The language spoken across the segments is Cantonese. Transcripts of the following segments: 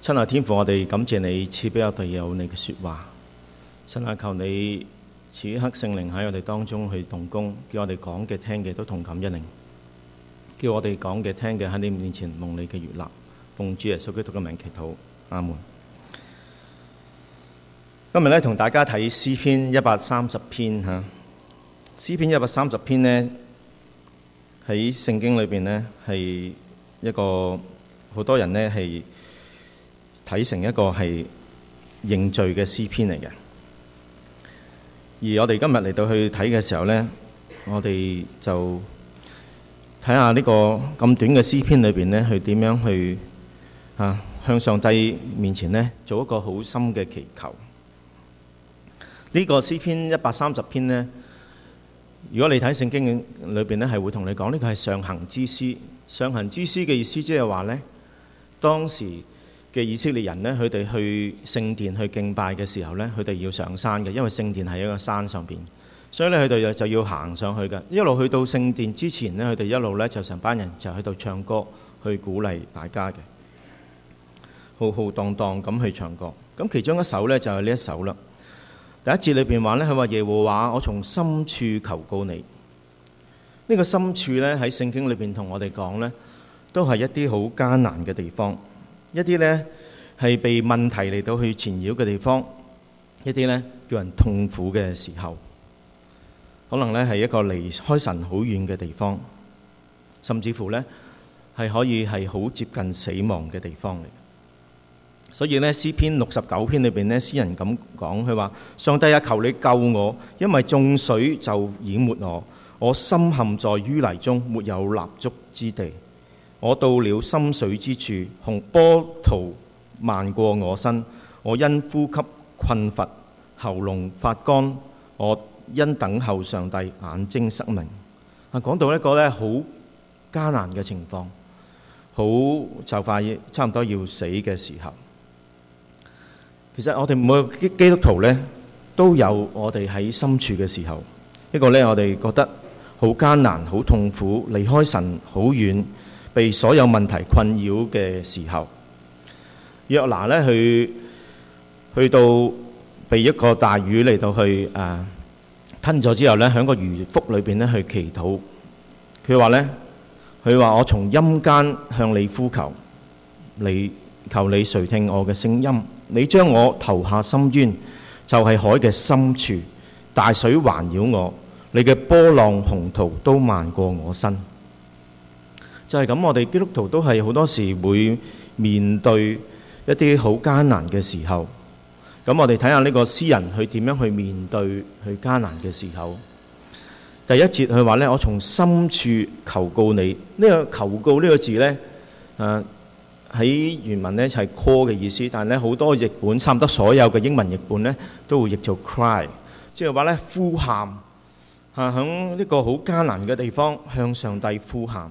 親愛天父，我哋感謝你賜俾我哋有你嘅說話。親阿，求你此刻聖靈喺我哋當中去動工，叫我哋講嘅聽嘅都同感一靈，叫我哋講嘅聽嘅喺你面前蒙你嘅悅納。奉主耶穌基督嘅名祈禱，阿門。今日咧同大家睇詩篇一百三十篇吓，詩篇一百三十篇呢，喺聖經裏邊呢，係一個好多人呢係。睇成一個係認罪嘅詩篇嚟嘅，而我哋今日嚟到去睇嘅時候呢，我哋就睇下呢個咁短嘅詩篇裏邊呢，佢點樣去啊向上帝面前呢做一個好深嘅祈求。呢個詩篇一百三十篇呢，如果你睇聖經裏邊呢，係會同你講，呢個係上行之詩。上行之詩嘅意思即係話呢，當時嘅以色列人呢，佢哋去聖殿去敬拜嘅時候呢，佢哋要上山嘅，因為聖殿係一個山上邊，所以咧佢哋就就要行上去嘅，一路去到聖殿之前呢，佢哋一路呢就成班人就喺度唱歌，去鼓勵大家嘅，浩浩蕩蕩咁去唱歌。咁其中一首呢就係呢一首啦。第一節裏邊話呢，佢話耶和華，我從深處求告你。呢個深處呢喺聖經裏邊同我哋講呢，都係一啲好艱難嘅地方。一啲呢，係被問題嚟到去纏繞嘅地方，一啲呢，叫人痛苦嘅時候，可能呢，係一個離開神好遠嘅地方，甚至乎呢，係可以係好接近死亡嘅地方嚟。所以呢，詩篇六十九篇裏面呢，詩人咁講，佢話：上帝啊，求你救我，因為眾水就淹沒我，我深陷在淤泥中，沒有立足之地。我到了深水之處，洪波濤漫過我身。我因呼吸困乏，喉嚨發乾。我因等候上帝，眼睛失明。啊，講到一個咧好艱難嘅情況，好就快差唔多要死嘅時候。其實我哋每個基督徒咧都有我哋喺深處嘅時候，一個咧我哋覺得好艱難、好痛苦，離開神好遠。被所有問題困擾嘅時候，約拿咧去去到被一個大魚嚟到去啊吞咗之後呢喺個魚腹裏邊咧去祈禱。佢話呢，佢話我從陰間向你呼求，你求你垂聽我嘅聲音。你將我投下深淵，就係海嘅深處，大水環繞我，你嘅波浪洪濤都漫過我身。就係、是、咁，我哋基督徒都係好多時會面對一啲好艱難嘅時候。咁我哋睇下呢個詩人佢點樣去面對佢艱難嘅時候。第一節佢話咧，我從深處求告你。呢、這個求告呢個字呢，誒、啊、喺原文呢就係、是、call 嘅意思，但係咧好多譯本，差唔多所有嘅英文譯本呢，都會譯做 cry，即係話呢「呼喊嚇，喺、啊、一個好艱難嘅地方向上帝呼喊。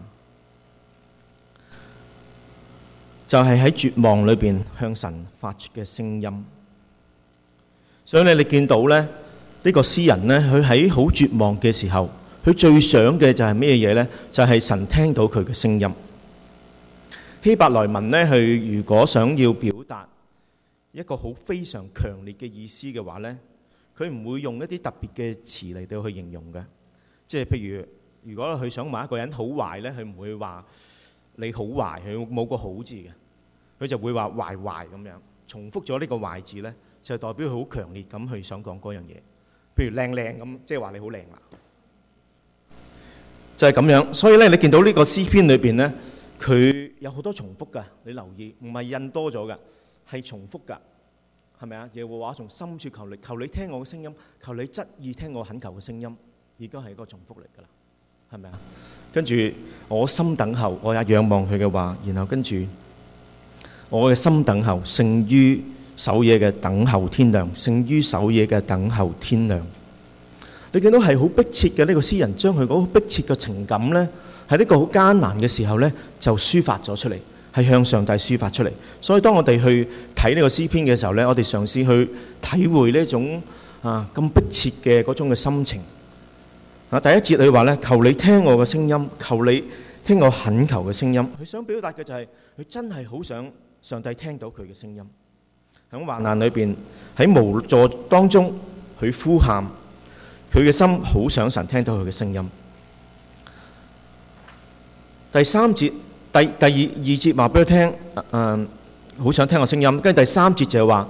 就係喺絕望裏邊向神發出嘅聲音，所以你哋見到咧呢個詩人咧，佢喺好絕望嘅時候，佢最想嘅就係咩嘢呢？就係神聽到佢嘅聲音。希伯來文呢，佢如果想要表達一個好非常強烈嘅意思嘅話呢，佢唔會用一啲特別嘅詞嚟到去形容嘅，即係譬如如果佢想問一個人好壞呢，佢唔會話。你好壞，佢冇個好字嘅，佢就會話壞壞咁樣重複咗呢個壞字咧，就代表佢好強烈咁去想講嗰樣嘢。譬如靚靚咁，即係話你好靚啦，就係咁樣。所以咧，你見到呢個詩篇裏邊咧，佢有好多重複噶，你留意，唔係印多咗噶，係重複噶，係咪啊？耶和華從深處求你，求你聽我嘅聲音，求你側耳聽我懇求嘅聲音，亦都係一個重複嚟噶啦。係咪啊？跟住我心等候，我也仰望佢嘅話，然後跟住我嘅心等候，勝於守夜嘅等候天亮，勝於守夜嘅等候天亮。你見到係好迫切嘅呢個詩人，將佢嗰好迫切嘅情感呢，喺呢個好艱難嘅時候呢，就抒發咗出嚟，係向上帝抒發出嚟。所以當我哋去睇呢個詩篇嘅時候呢，我哋嘗試去體會呢種啊咁迫切嘅嗰種嘅心情。啊！第一節佢話咧，求你聽我嘅聲音，求你聽我懇求嘅聲音。佢想表達嘅就係、是、佢真係好想上帝聽到佢嘅聲音。喺患難裏邊，喺無助當中，佢呼喊，佢嘅心好想神聽到佢嘅聲音。第三節第第二二節話俾佢聽，嗯、呃，好想聽我聲音。跟住第三節就話，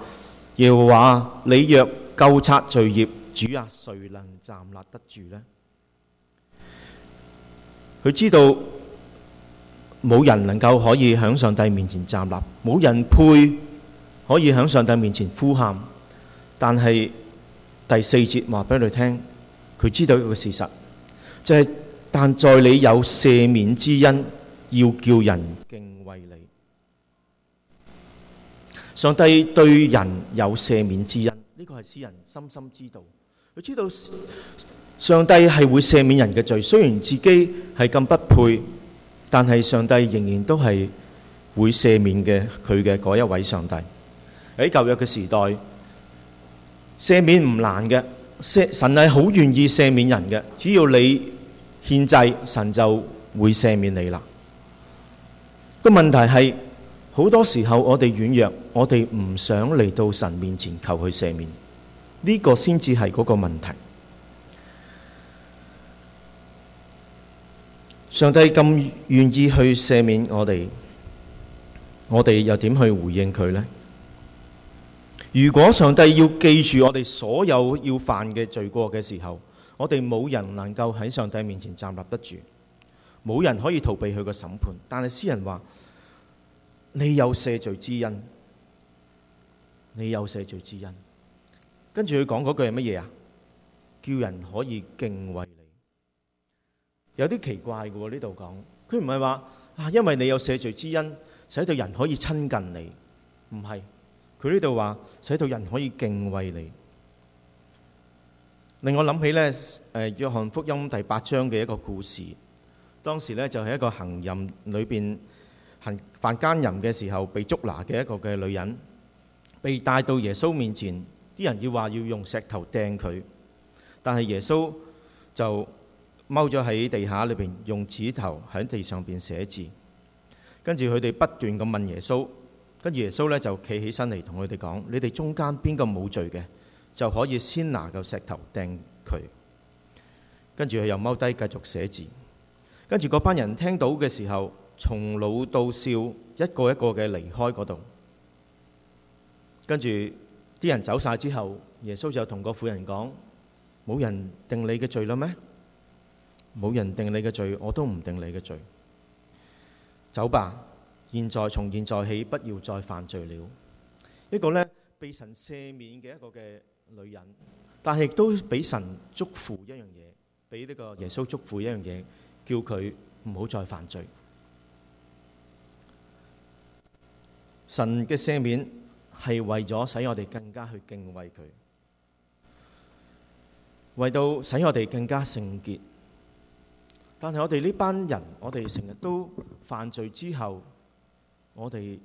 要話你若究察罪孽，主啊，誰能站立得住呢？」佢知道冇人能夠可以喺上帝面前站立，冇人配可以喺上帝面前呼喊。但係第四節話俾你聽，佢知道一個事實，就係、是、但在你有赦免之恩，要叫人敬畏你。上帝對人有赦免之恩，呢、這個係詩人深深知道。佢知道。上帝係會赦免人嘅罪，雖然自己係咁不配，但係上帝仍然都係會赦免嘅。佢嘅嗰一位上帝喺舊約嘅時代，赦免唔難嘅，神係好願意赦免人嘅。只要你獻祭，神就會赦免你啦。個問題係好多時候我哋軟弱，我哋唔想嚟到神面前求佢赦免，呢、這個先至係嗰個問題。上帝咁願意去赦免我哋，我哋又點去回應佢呢？如果上帝要記住我哋所有要犯嘅罪過嘅時候，我哋冇人能夠喺上帝面前站立得住，冇人可以逃避佢個審判。但係詩人話：你有赦罪之恩，你有赦罪之恩。跟住佢講嗰句係乜嘢啊？叫人可以敬畏。有啲奇怪嘅喎，呢度講，佢唔係話啊，因為你有赦罪之恩，使到人可以親近你，唔係，佢呢度話使到人可以敬畏你。令我諗起咧，誒、呃，約翰福音第八章嘅一個故事，當時咧，就係、是、一個行淫裏邊行犯奸淫嘅時候被捉拿嘅一個嘅女人，被帶到耶穌面前，啲人要話要用石頭掟佢，但係耶穌就。踎咗喺地下裏邊，用指頭喺地上邊寫字，跟住佢哋不斷咁問耶穌，跟住耶穌咧就企起身嚟，同佢哋講：你哋中間邊個冇罪嘅，就可以先拿嚿石頭掟佢。跟住佢又踎低繼續寫字，跟住嗰班人聽到嘅時候，從老到少一個一個嘅離開嗰度。跟住啲人走晒之後，耶穌就同個婦人講：冇人定你嘅罪啦咩？冇人定你嘅罪，我都唔定你嘅罪。走吧，現在從現在起不要再犯罪了。一個呢，被神赦免嘅一個嘅女人，但係亦都俾神祝福一樣嘢，俾呢個耶穌祝福一樣嘢，叫佢唔好再犯罪。神嘅赦免係為咗使我哋更加去敬畏佢，為到使我哋更加聖潔。但係我哋呢班人，我哋成日都犯罪之後，我哋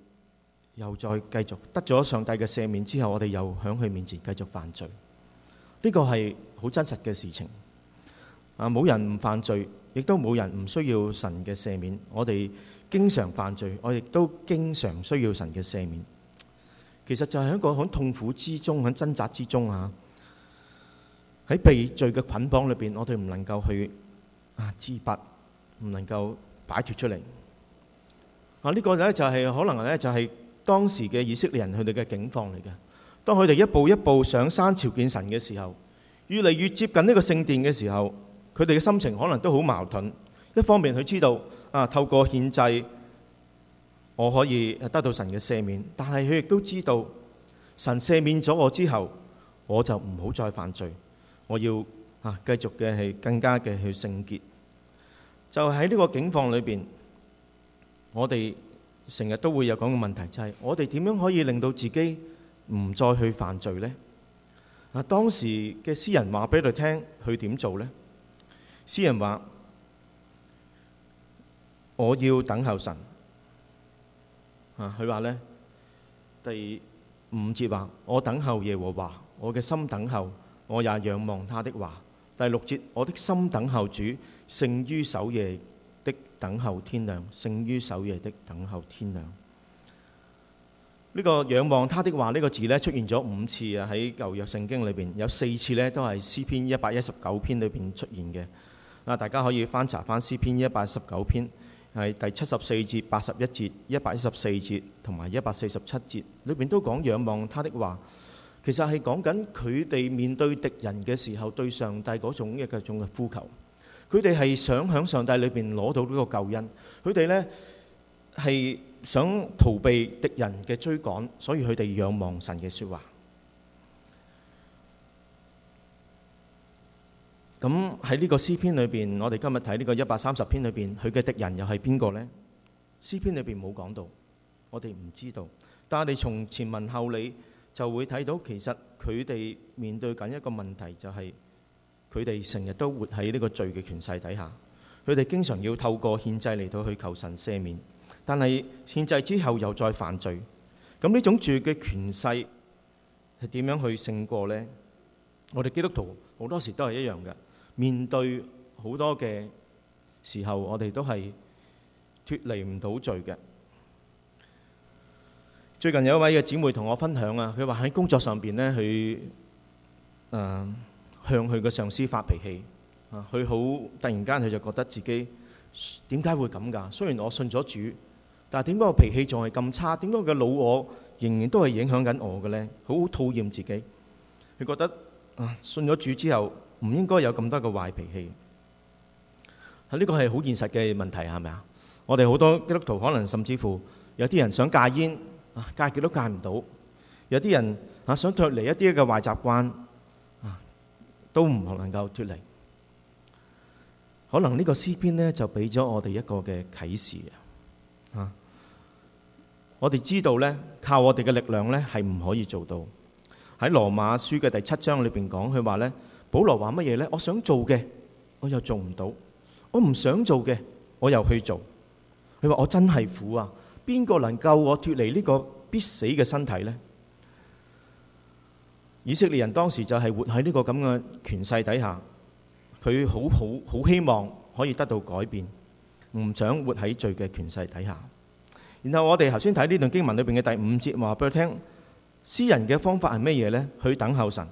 又再繼續得咗上帝嘅赦免之後，我哋又喺佢面前繼續犯罪。呢個係好真實嘅事情。啊，冇人唔犯罪，亦都冇人唔需要神嘅赦免。我哋經常犯罪，我亦都經常需要神嘅赦免。其實就係一個喺痛苦之中、喺掙扎之中吓，喺被罪嘅捆綁裏邊，我哋唔能夠去。啊，自拔唔能夠擺脫出嚟啊！這個、呢個咧就係、是、可能呢就係、是、當時嘅以色列人佢哋嘅境況嚟嘅。當佢哋一步一步上山朝見神嘅時候，越嚟越接近呢個聖殿嘅時候，佢哋嘅心情可能都好矛盾。一方面佢知道啊，透過獻祭我可以得到神嘅赦免，但係佢亦都知道神赦免咗我之後，我就唔好再犯罪，我要。啊！繼續嘅係更加嘅去聖潔，就喺呢個境況裏邊，我哋成日都會有講嘅問題，就係我哋點樣可以令到自己唔再去犯罪呢？啊！當時嘅詩人話俾佢聽，佢點做呢？詩人話：我要等候神。啊！佢話咧，第五節話：我等候耶和華，我嘅心等候，我也仰望他的話。第六節，我的心等候主，勝於守夜的等候天亮，勝於守夜的等候天亮。呢個仰望祂的話，呢個字咧出現咗五次啊！喺舊約聖經裏邊，有四次咧都係詩篇一百一十九篇裏邊出現嘅。啊，大家可以翻查返詩篇一百一十九篇，係第七十四節、八十一節、一百一十四節同埋一百四十七節，裏邊都講仰望祂的話。其實係講緊佢哋面對敵人嘅時候，對上帝嗰種一種嘅呼求。佢哋係想響上帝裏邊攞到呢個救恩。佢哋呢係想逃避敵人嘅追趕，所以佢哋仰望神嘅說話。咁喺呢個詩篇裏邊，我哋今日睇呢個一百三十篇裏邊，佢嘅敵人又係邊個呢？詩篇裏邊冇講到，我哋唔知道。但係我哋從前文後理。就會睇到其實佢哋面對緊一個問題，就係佢哋成日都活喺呢個罪嘅權勢底下，佢哋經常要透過獻祭嚟到去求神赦免，但係獻祭之後又再犯罪，咁呢種罪嘅權勢係點樣去勝過呢？我哋基督徒好多時都係一樣嘅，面對好多嘅時候，我哋都係脫離唔到罪嘅。最近有一位嘅姊妹同我分享啊，佢話喺工作上邊咧，佢誒、呃、向佢個上司發脾氣啊。佢好突然間，佢就覺得自己點解會咁噶？雖然我信咗主，但係點解我脾氣仲係咁差？點解我嘅老我仍然都係影響緊我嘅咧？好討厭自己，佢覺得啊、呃，信咗主之後唔應該有咁多嘅壞脾氣。啊，呢個係好現實嘅問題，係咪啊？我哋好多基督徒可能甚至乎有啲人想戒煙。啊！戒極都戒唔到，有啲人啊想脱離一啲嘅壞習慣，啊都唔能夠脱離。可能呢個詩篇咧就俾咗我哋一個嘅啟示啊！我哋知道咧，靠我哋嘅力量咧係唔可以做到。喺羅馬書嘅第七章裏邊講，佢話咧，保羅話乜嘢咧？我想做嘅，我又做唔到；我唔想做嘅，我又去做。佢話我真係苦啊！邊個能救我脫離呢個必死嘅身體呢？以色列人當時就係活喺呢個咁嘅權勢底下，佢好好好希望可以得到改變，唔想活喺罪嘅權勢底下。然後我哋頭先睇呢段經文裏邊嘅第五節話俾佢聽，詩人嘅方法係咩嘢呢？去等候神。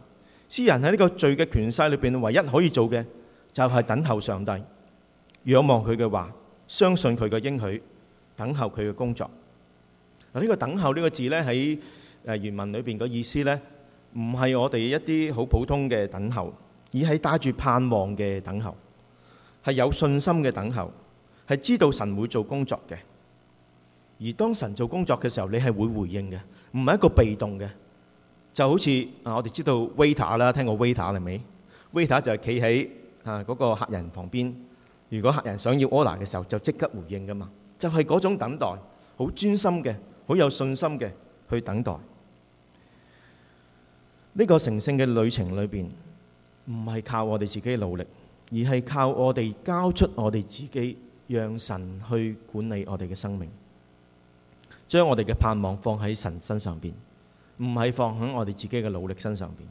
詩人喺呢個罪嘅權勢裏邊，唯一可以做嘅就係等候上帝，仰望佢嘅話，相信佢嘅應許。等候佢嘅工作嗱，呢個等候呢個字呢喺誒原文裏邊個意思呢，唔係我哋一啲好普通嘅等候，而係帶住盼望嘅等候，係有信心嘅等候，係知道神會做工作嘅。而當神做工作嘅時候，你係會回應嘅，唔係一個被動嘅，就好似啊，我哋知道 waiter 啦，聽過 waiter 係咪？waiter 就係企喺啊嗰個客人旁邊，如果客人想要 order 嘅時候，就即刻回應㗎嘛。就係、是、嗰種等待，好專心嘅，好有信心嘅去等待。呢、這個成聖嘅旅程裏邊，唔係靠我哋自己嘅努力，而係靠我哋交出我哋自己，讓神去管理我哋嘅生命，將我哋嘅盼望放喺神身上邊，唔係放喺我哋自己嘅努力身上邊。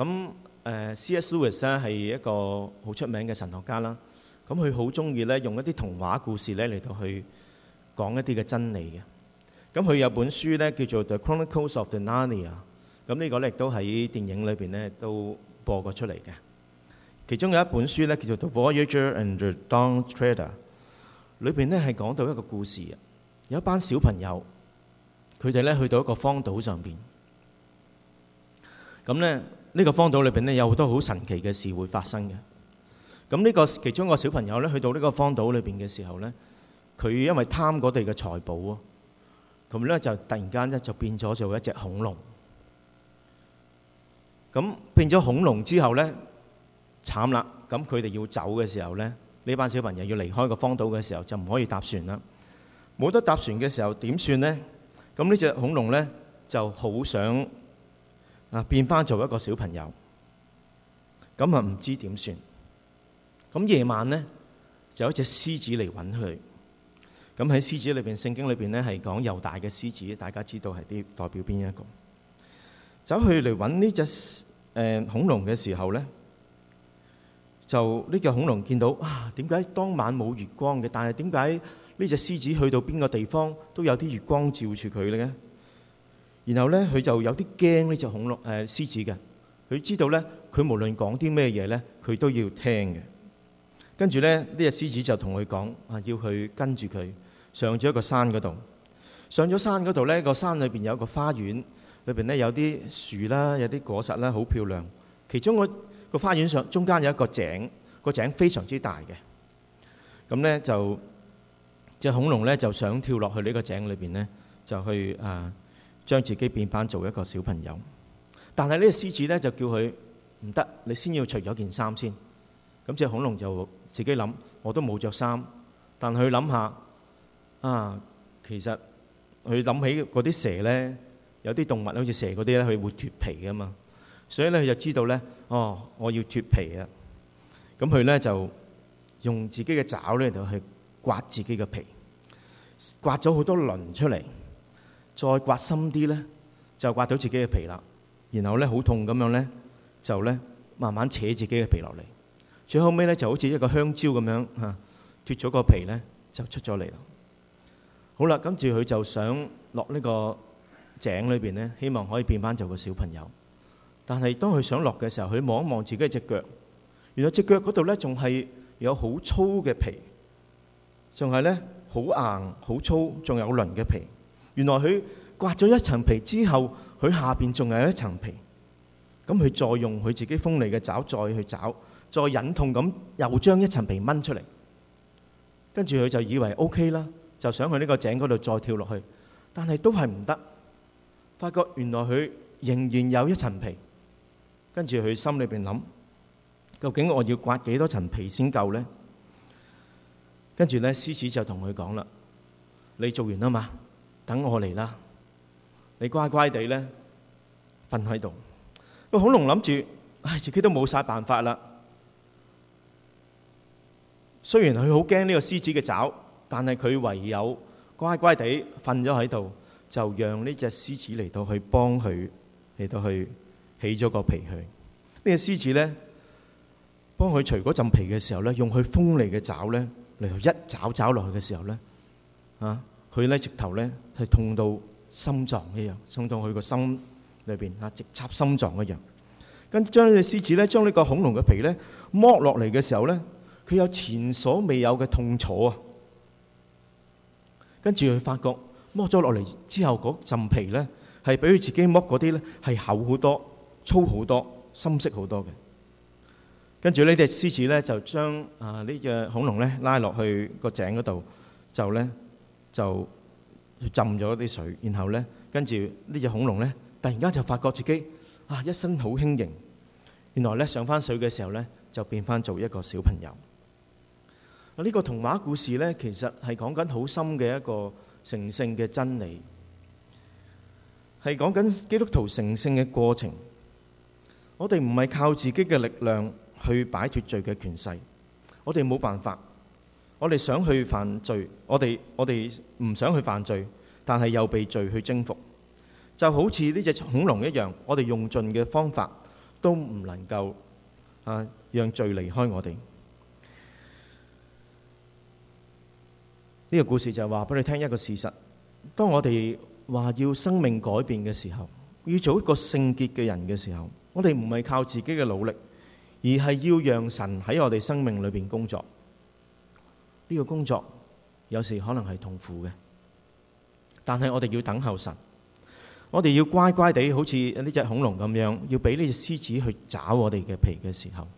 咁誒、呃、，C.S. Lewis 咧係一個好出名嘅神學家啦。咁佢好中意咧用一啲童話故事咧嚟到去講一啲嘅真理嘅。咁佢有本書咧叫做《The Chronicles of the Narnia》，咁呢個咧亦都喺電影裏面咧都播過出嚟嘅。其中有一本書咧叫做《The Voyager and the Dawn Trader》，裏面咧係講到一個故事，有一班小朋友佢哋咧去到一個荒島上面。咁咧呢個荒島裏面咧有好多好神奇嘅事會發生嘅。咁呢個其中一個小朋友咧，去到呢個荒島裏邊嘅時候咧，佢因為貪嗰地嘅財寶啊，咁咧就突然間咧就變咗做一隻恐龍。咁變咗恐龍之後咧，慘啦！咁佢哋要走嘅時候咧，呢班小朋友要離開個荒島嘅時候，就唔可以搭船啦。冇得搭船嘅時候點算咧？咁呢隻恐龍咧就好想啊變翻做一個小朋友，咁啊唔知點算。咁夜晚咧，就有一隻獅子嚟揾佢。咁喺獅子裏邊，聖經裏邊咧係講又大嘅獅子，大家知道係啲代表邊一個，走去嚟揾呢隻誒恐龍嘅時候咧，就呢隻恐龍見到啊，點解當晚冇月光嘅？但係點解呢隻獅子去到邊個地方都有啲月光照住佢咧？然後咧，佢就有啲驚呢隻恐龍誒獅子嘅。佢知道咧，佢無論講啲咩嘢咧，佢都要聽嘅。跟住咧，呢隻獅子就同佢講：啊，要去跟住佢上咗一個山嗰度。上咗山嗰度咧，個山裏邊有一個花園，裏邊咧有啲樹啦，有啲果實啦，好漂亮。其中個花園上中間有一個井，個井非常之大嘅。咁咧就隻恐龍咧就想跳落去呢個井裏邊咧，就去啊將自己變翻做一個小朋友。但係呢隻獅子咧就叫佢唔得，你先要除咗件衫先。咁隻恐龍就。自己諗，我都冇著衫，但佢諗下啊，其實佢諗起嗰啲蛇咧，有啲動物咧，好似蛇嗰啲咧，佢會脫皮㗎嘛，所以咧佢就知道咧，哦，我要脫皮啊，咁佢咧就用自己嘅爪咧就去刮自己嘅皮，刮咗好多鱗出嚟，再刮深啲咧就刮到自己嘅皮啦，然後咧好痛咁樣咧就咧慢慢扯自己嘅皮落嚟。最後尾咧就好似一個香蕉咁樣嚇脱咗個皮咧就出咗嚟啦。好啦，跟住佢就想落呢個井裏邊咧，希望可以變翻做個小朋友。但係當佢想落嘅時候，佢望一望自己隻腳，原來隻腳嗰度咧仲係有好粗嘅皮，仲係咧好硬好粗，仲有鱗嘅皮。原來佢刮咗一層皮之後，佢下邊仲有一層皮。咁佢再用佢自己鋒利嘅爪再去找。再忍痛咁又將一層皮掹出嚟，跟住佢就以為 OK 啦，就想去呢個井嗰度再跳落去，但係都係唔得，發覺原來佢仍然有一層皮，跟住佢心裏邊諗，究竟我要刮幾多層皮先夠呢？跟住咧，獅子就同佢講啦，你做完啊嘛，等我嚟啦，你乖乖地咧瞓喺度。個恐龍諗住，唉，自己都冇晒辦法啦。雖然佢好驚呢個獅子嘅爪，但係佢唯有乖乖地瞓咗喺度，就讓呢隻獅子嚟到去幫佢嚟到去起咗個皮去。呢隻獅子咧幫佢除嗰陣皮嘅時候咧，用佢鋒利嘅爪咧嚟到一爪爪落去嘅時候咧，啊佢咧直頭咧係痛到心臟一樣，痛到佢個心裏邊啊直插心臟一樣。跟將呢隻獅子咧，將呢個恐龍嘅皮咧剝落嚟嘅時候咧。佢有前所未有嘅痛楚啊！跟住佢發覺剝咗落嚟之後嗰陣皮咧，係比佢自己剝嗰啲咧係厚好多、粗好多、深色好多嘅。跟住呢隻獅子咧就將啊呢隻恐龍咧拉落去個井嗰度，就咧就浸咗啲水，然後咧跟住呢隻恐龍咧突然間就發覺自己啊一身好輕盈，原來咧上翻水嘅時候咧就變翻做一個小朋友。嗱，呢個童話故事呢，其實係講緊好深嘅一個成聖嘅真理，係講緊基督徒成聖嘅過程。我哋唔係靠自己嘅力量去擺脱罪嘅權勢，我哋冇辦法。我哋想去犯罪，我哋我哋唔想去犯罪，但係又被罪去征服，就好似呢隻恐龍一樣。我哋用盡嘅方法都唔能夠啊，讓罪離開我哋。呢個故事就係話俾你聽一個事實。當我哋話要生命改變嘅時候，要做一個聖潔嘅人嘅時候，我哋唔係靠自己嘅努力，而係要讓神喺我哋生命裏邊工作。呢個工作有時可能係痛苦嘅，但係我哋要等候神，我哋要乖乖地好似呢隻恐龍咁樣，要俾呢隻獅子去抓我哋嘅皮嘅時候，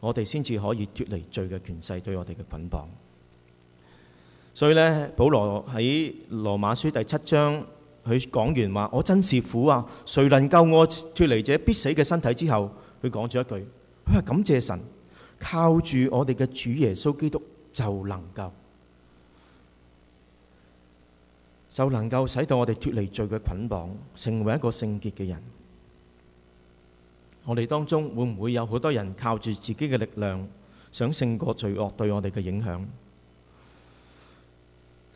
我哋先至可以脫離罪嘅權勢對我哋嘅捆綁。所以咧，保羅喺羅馬書第七章，佢講完話：我真是苦啊！誰能救我脫離這必死嘅身體？之後，佢講咗一句：佢話感謝神，靠住我哋嘅主耶穌基督就能夠，就能夠使到我哋脫離罪嘅捆綁，成為一個聖潔嘅人。我哋當中會唔會有好多人靠住自己嘅力量，想勝過罪惡對我哋嘅影響？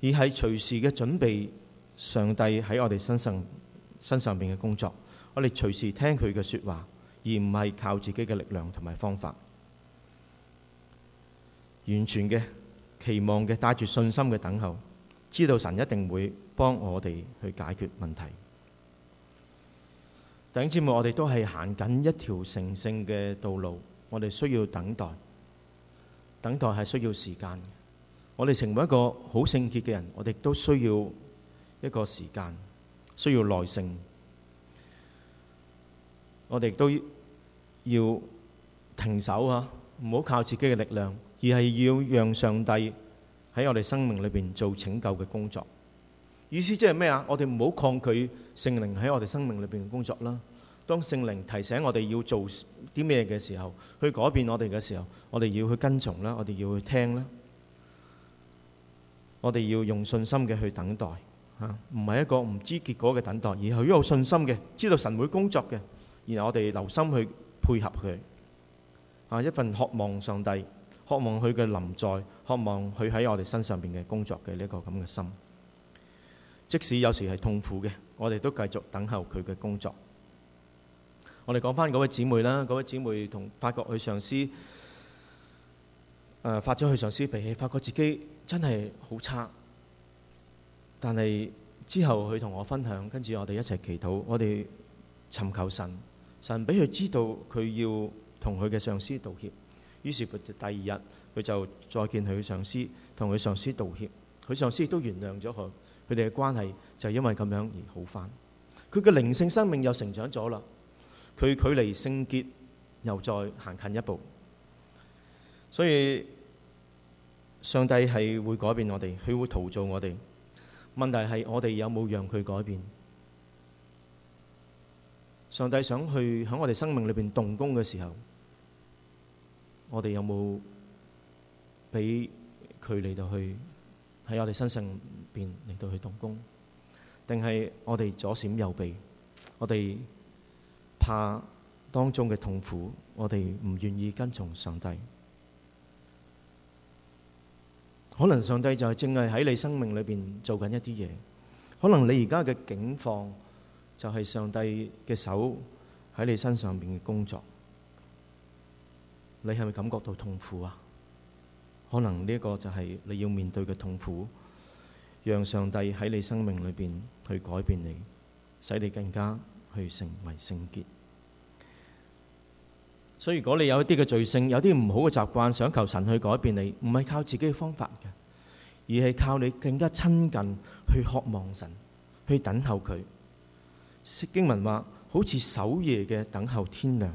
而係隨時嘅準備，上帝喺我哋身上身上邊嘅工作，我哋隨時聽佢嘅説話，而唔係靠自己嘅力量同埋方法，完全嘅期望嘅帶住信心嘅等候，知道神一定會幫我哋去解決問題。弟兄姊妹，我哋都係行緊一條成聖嘅道路，我哋需要等待，等待係需要時間。我哋成為一個好聖潔嘅人，我哋都需要一個時間，需要耐性。我哋都要停手啊，唔好靠自己嘅力量，而係要讓上帝喺我哋生命裏邊做拯救嘅工作。意思即係咩啊？我哋唔好抗拒聖靈喺我哋生命裏邊嘅工作啦。當聖靈提醒我哋要做啲咩嘅時候，去改變我哋嘅時候，我哋要去跟從啦，我哋要去聽啦。我哋要用信心嘅去等待，嚇，唔係一個唔知結果嘅等待，而係一種有信心嘅，知道神會工作嘅，然後我哋留心去配合佢，啊，一份渴望上帝、渴望佢嘅臨在、渴望佢喺我哋身上邊嘅工作嘅呢一個咁嘅心，即使有時係痛苦嘅，我哋都繼續等候佢嘅工作。我哋講翻嗰位姐妹啦，嗰位姐妹同法國嘅上司。誒、呃，發咗佢上司脾氣，發覺自己真係好差。但係之後佢同我分享，跟住我哋一齊祈禱，我哋尋求神，神俾佢知道佢要同佢嘅上司道歉。於是第二日佢就再見佢嘅上司，同佢上司道歉。佢上司亦都原諒咗佢，佢哋嘅關係就因為咁樣而好翻。佢嘅靈性生命又成長咗啦，佢距離聖潔又再行近一步。所以，上帝係會改變我哋，佢會陶造我哋。問題係我哋有冇有讓佢改變？上帝想去喺我哋生命裏邊動工嘅時候，我哋有冇俾佢嚟到去喺我哋身上邊嚟到去動工？定係我哋左閃右避？我哋怕當中嘅痛苦，我哋唔願意跟從上帝。可能上帝就係正係喺你生命裏邊做緊一啲嘢，可能你而家嘅境況就係上帝嘅手喺你身上邊嘅工作，你係咪感覺到痛苦啊？可能呢一個就係你要面對嘅痛苦，讓上帝喺你生命裏邊去改變你，使你更加去成為聖潔。所以，如果你有一啲嘅罪性，有啲唔好嘅習慣，想求神去改變你，唔係靠自己嘅方法嘅，而係靠你更加親近去渴望神，去等候佢。釋經文話好似守夜嘅等候天亮，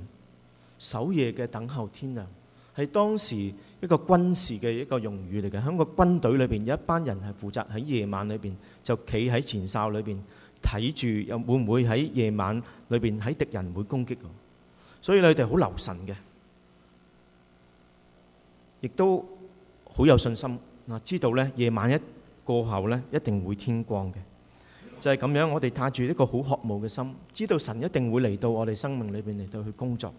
守夜嘅等候天亮，係當時一個軍事嘅一個用語嚟嘅。喺個軍隊裏邊有一班人係負責喺夜晚裏邊，就企喺前哨裏邊睇住，有會唔會喺夜晚裏邊，喺敵人會攻擊。所以咧，佢哋好留神嘅，亦都好有信心啊！知道咧，夜晚一過後咧，一定會天光嘅。就係咁樣，我哋帶住一個好渴慕嘅心，知道神一定會嚟到我哋生命裏邊嚟到去工作。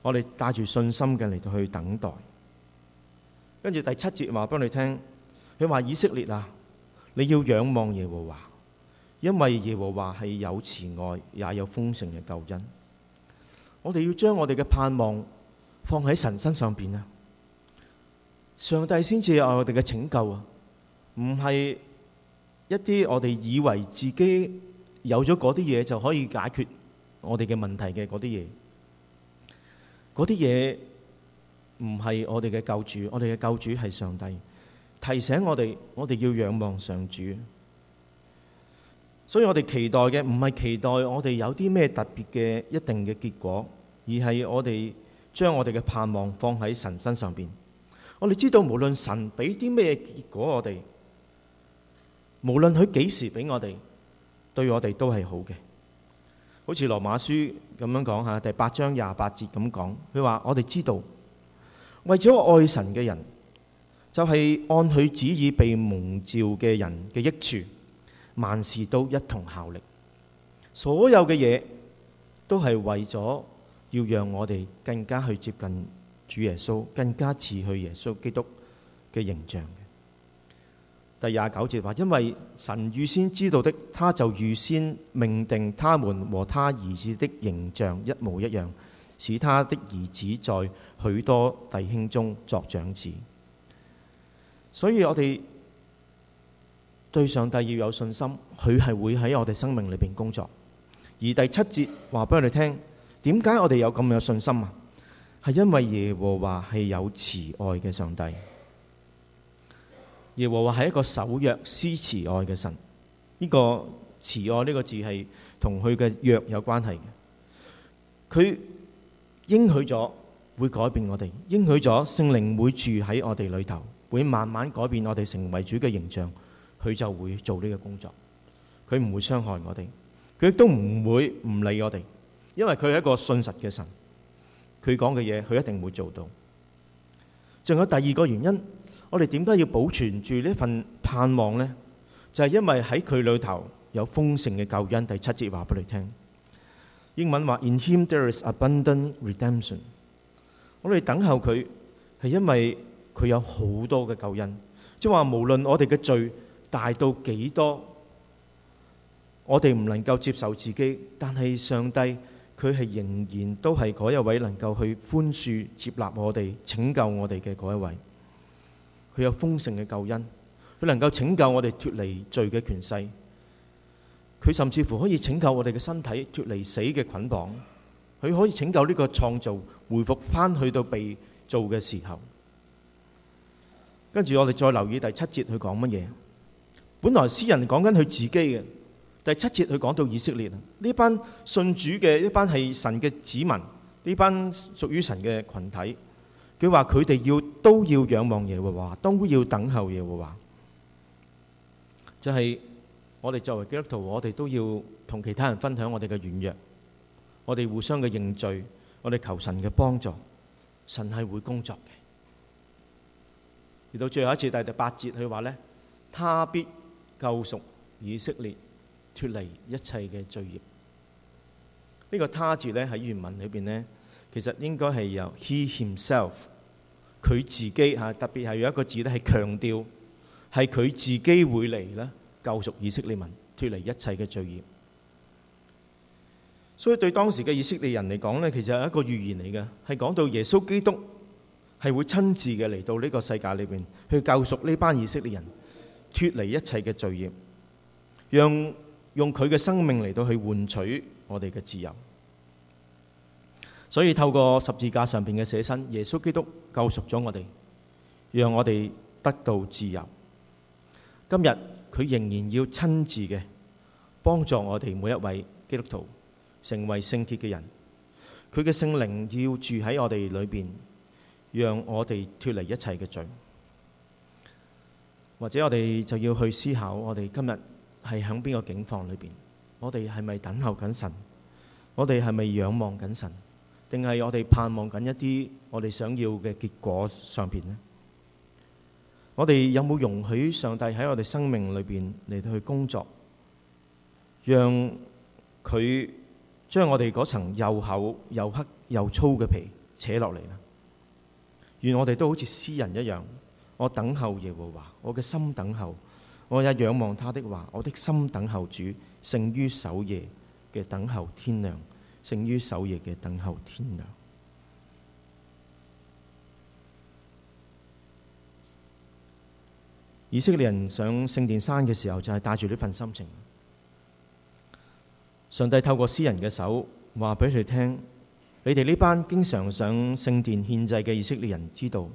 我哋帶住信心嘅嚟到去等待。跟住第七節話俾你聽，佢話以色列啊，你要仰望耶和華，因為耶和華係有慈愛，也有豐盛嘅救恩。我哋要將我哋嘅盼望放喺神身上邊啊！上帝先至有我哋嘅拯救啊！唔係一啲我哋以為自己有咗嗰啲嘢，就可以解決我哋嘅問題嘅嗰啲嘢，嗰啲嘢唔係我哋嘅救主，我哋嘅救主係上帝。提醒我哋，我哋要仰望上主。所以我哋期待嘅，唔係期待我哋有啲咩特別嘅一定嘅結果，而係我哋將我哋嘅盼望放喺神身上邊。我哋知道無論神俾啲咩結果，我哋無論佢幾時俾我哋，對我哋都係好嘅。好似羅馬書咁樣講吓，第八章廿八節咁講，佢話，我哋知道為咗愛神嘅人，就係按佢旨意被蒙召嘅人嘅益處。萬事都一同效力，所有嘅嘢都係為咗要讓我哋更加去接近主耶穌，更加似去耶穌基督嘅形象嘅。第二十九節話，因為神預先知道的，他就預先命定他們和他兒子的形象一模一樣，使他的兒子在許多弟兄中作長子。所以我哋。對上帝要有信心，佢係會喺我哋生命裏邊工作。而第七節話俾我哋聽，點解我哋有咁有信心啊？係因為耶和華係有慈愛嘅上帝。耶和華係一個守約施慈愛嘅神。呢個慈愛呢個字係同佢嘅約有關係。佢應許咗會改變我哋，應許咗聖靈會住喺我哋裏頭，會慢慢改變我哋成為主嘅形象。佢就會做呢個工作，佢唔會傷害我哋，佢亦都唔會唔理我哋，因為佢係一個信實嘅神，佢講嘅嘢佢一定會做到。仲有第二個原因，我哋點解要保存住呢份盼望呢？就係因為喺佢裏頭有豐盛嘅救恩。第七節話俾你聽，英文話：In Him there is abundant redemption。我哋等候佢，係因為佢有好多嘅救恩，即係話無論我哋嘅罪。大到幾多？我哋唔能夠接受自己，但係上帝佢係仍然都係嗰一位能夠去寬恕接納我哋、拯救我哋嘅嗰一位。佢有豐盛嘅救恩，佢能夠拯救我哋脫離罪嘅權勢。佢甚至乎可以拯救我哋嘅身體脫離死嘅捆綁。佢可以拯救呢個創造回復翻去到被造嘅時候。跟住我哋再留意第七節佢講乜嘢。本來詩人講緊佢自己嘅，第七節佢講到以色列，呢班信主嘅一班係神嘅子民，呢班屬於神嘅群體，佢話佢哋要都要仰望耶和華，都要等候耶和華。就係我哋作為基督徒，我哋都要同其他人分享我哋嘅軟弱，我哋互相嘅認罪，我哋求神嘅幫助，神係會工作嘅。而到最後一次，第第八節佢話咧，他必。救贖以色列脫離一切嘅罪孽。呢個他字咧喺原文裏邊呢，其實應該係由「he himself」，佢自己吓，特別係有一個字咧係強調係佢自己會嚟啦，救贖以色列民脫離一切嘅罪孽。所以對當時嘅以色列人嚟講呢，其實係一個預言嚟嘅，係講到耶穌基督係會親自嘅嚟到呢個世界裏邊去救贖呢班以色列人。脫離一切嘅罪孽，讓用佢嘅生命嚟到去換取我哋嘅自由。所以透過十字架上邊嘅捨身，耶穌基督救贖咗我哋，讓我哋得到自由。今日佢仍然要親自嘅幫助我哋每一位基督徒成為聖潔嘅人。佢嘅聖靈要住喺我哋裏邊，讓我哋脫離一切嘅罪。或者我哋就要去思考我，我哋今日係響邊個境況裏邊？我哋係咪等候緊神？我哋係咪仰望緊神？定係我哋盼望緊一啲我哋想要嘅結果上邊咧？我哋有冇容許上帝喺我哋生命裏邊嚟到去工作，讓佢將我哋嗰層又厚又黑又粗嘅皮扯落嚟咧？願我哋都好似詩人一樣。我等候耶和華，我嘅心等候，我也仰望他的話。我的心等候主，勝於守夜嘅等候天亮，勝於守夜嘅等候天亮。以色列人上聖殿山嘅時候，就係帶住呢份心情。上帝透過詩人嘅手，話俾佢聽：你哋呢班經常上聖殿獻祭嘅以色列人知道。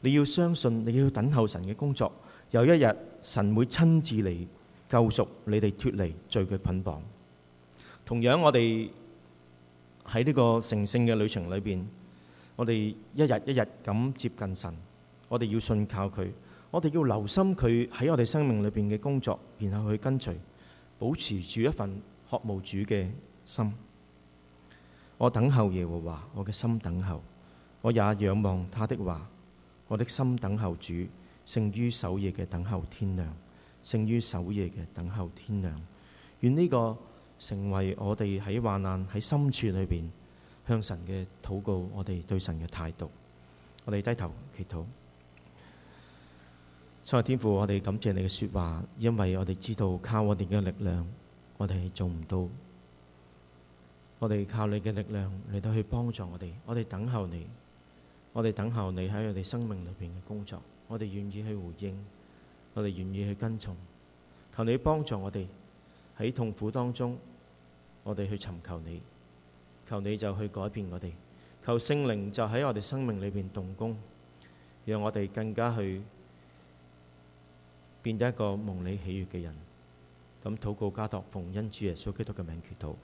你要相信，你要等候神嘅工作。有一日，神會親自嚟救贖你哋，脫離罪嘅捆綁。同樣，我哋喺呢個成聖嘅旅程裏邊，我哋一日一日咁接近神，我哋要信靠佢，我哋要留心佢喺我哋生命裏邊嘅工作，然後去跟隨，保持住一份渴慕主嘅心。我等候耶和華，我嘅心等候，我也仰望他的話。我的心等候主，勝於守夜嘅等候天亮，勝於守夜嘅等候天亮。願呢個成為我哋喺患難喺深處裏邊向神嘅禱告，我哋對神嘅態度。我哋低頭祈禱。神啊，天父，我哋感謝你嘅說話，因為我哋知道靠我哋嘅力量，我哋係做唔到。我哋靠你嘅力量嚟到去幫助我哋，我哋等候你。我哋等候你喺我哋生命裏邊嘅工作，我哋願意去回應，我哋願意去跟從。求你幫助我哋喺痛苦當中，我哋去尋求你。求你就去改變我哋，求聖靈就喺我哋生命裏邊動工，讓我哋更加去變一個蒙里喜悅嘅人。咁禱告加，加托奉恩主耶穌基督嘅名祈禱。